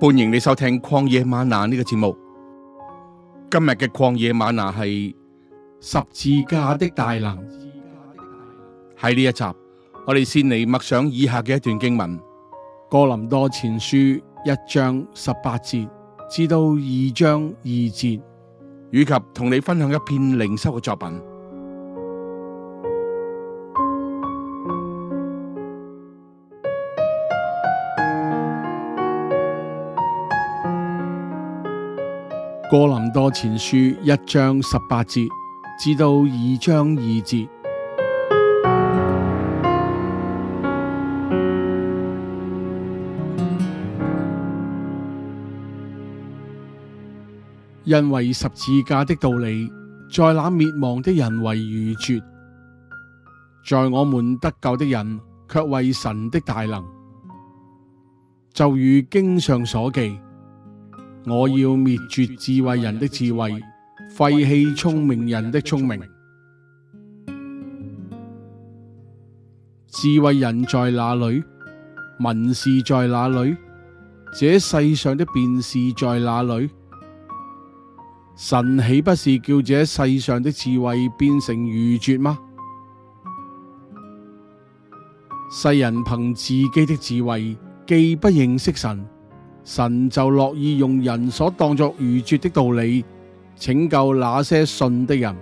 歡迎你收聽曠野嗎哪呢個節目。今日嘅曠野嗎哪係十字架的大能。喺呢一集，我哋先嚟默想以下嘅一段經文：哥林多前書一章十八節至到二章二節，以及同你分享一篇靈修嘅作品。哥林多前書一章十八節至到二章二節。因為十字架的道理，在那滅亡的人為愚拙，在我們得救的人却為神的大能，就如經上所記。我要滅絕智慧人的智慧，廢棄聰明人的聰明。智慧人在哪裏？文士在哪裏？這世上的辯士在哪裏？神豈不是叫這世上的智慧變成愚拙嗎？世人憑自己的智慧，既不認識神。神就樂意用人所當作愚拙的道理拯救那些信的人，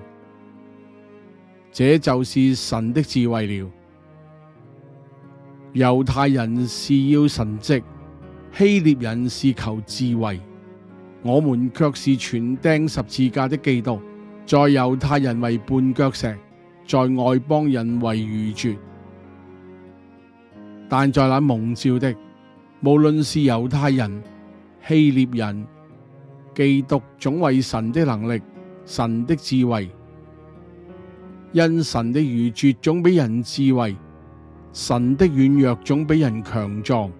這就是神的智慧了。猶太人是要神跡，希臘人是求智慧，我們卻是傳釘十字架的基督。在猶太人為絆腳石，在外邦人為愚拙，但在那蒙召的。無論是猶太人、希臘人，基督總為神的能力、神的智慧，因神的愚拙總比人智慧，神的軟弱總比人強壯。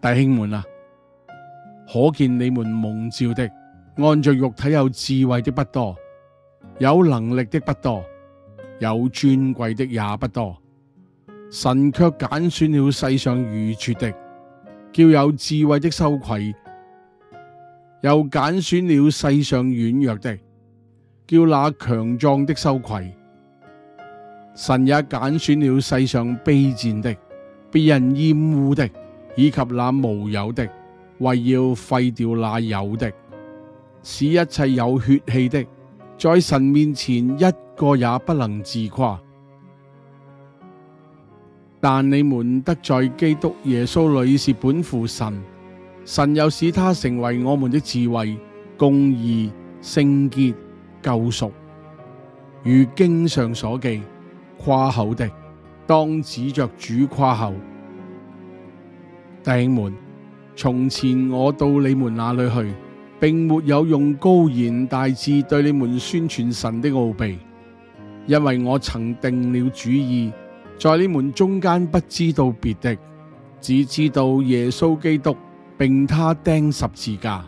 弟兄們啊，可見你們蒙召的，按着肉體有智慧的不多，有能力的不多。有尊貴的也不多，神卻揀選了世上愚拙的，叫有智慧的羞愧；又揀選了世上軟弱的，叫那強壯的羞愧。神也揀選了世上卑賤的、被人厭惡的，以及那無有的，為要廢掉那有的，使一切有血氣的。在神面前一個也不能自誇，但你們得在基督耶穌裏是本乎神，神又使他成為我們的智慧、公義、聖潔、救贖。如經上所記，誇口的當指着主誇口。弟兄們，從前我到你們那裏去。並沒有用高言大智對你們宣傳神的奧秘，因為我曾定了主意，在你們中間不知道別的，只知道耶穌基督，並他釘十字架。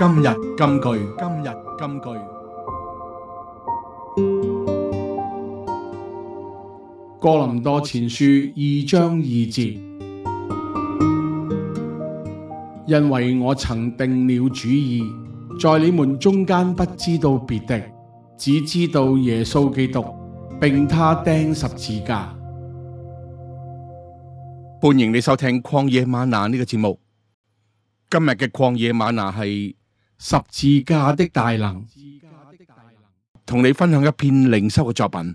今日金句，今日金句。哥林多前書二章二節，因為我曾定了主意，在你們中間不知道別的，只知道耶穌基督，並他釘十字架。歡迎你收聽曠野嗎哪呢個節目。今日嘅曠野嗎哪係。十字架的大能，同你分享一篇靈修嘅作品。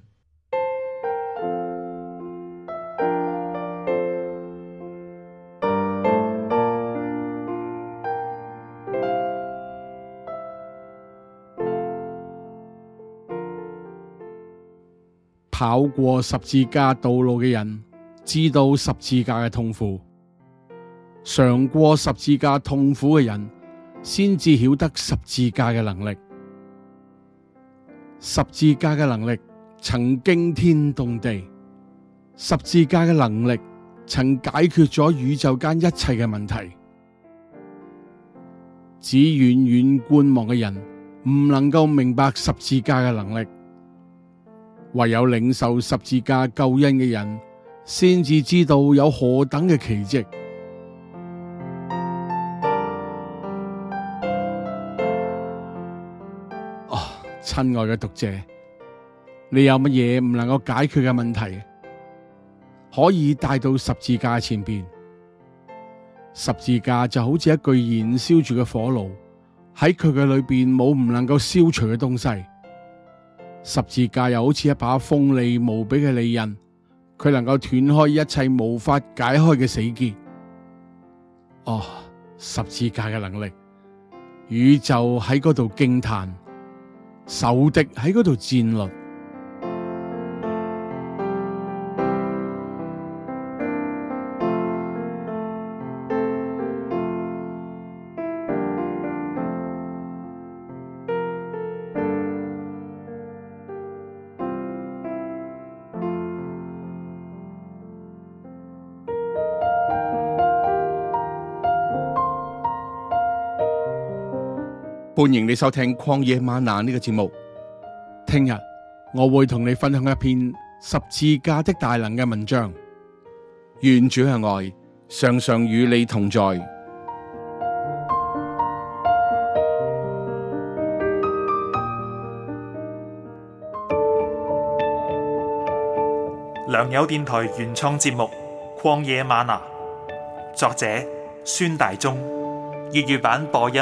跑過十字架道路嘅人，知道十字架嘅痛苦；嘗過十字架痛苦嘅人，先至曉得十字架嘅能力，十字架嘅能力曾經驚天動地，十字架嘅能力曾解決咗宇宙間一切嘅問題。只遠遠觀望嘅人唔能夠明白十字架嘅能力，唯有領受十字架救恩嘅人先至知道有何等嘅奇迹。親愛嘅讀者，你有乜嘢唔能夠解決嘅問題，可以帶到十字架前邊？十字架就好似一具燃燒住嘅火爐，喺佢嘅裏邊冇唔能夠消除嘅東西。十字架又好似一把鋒利無比嘅利刃，佢能夠斷開一切無法解開嘅死結。哦，十字架嘅能力，宇宙喺嗰度驚嘆。仇敵喺嗰度戰略。歡迎你收聽曠野嗎哪呢個節目。聽日我會同你分享一篇十字架的大能嘅文章。願主嘅愛，常常與你同在。良友電台原創節目《曠野嗎哪》，作者孫大中，粵語版播音。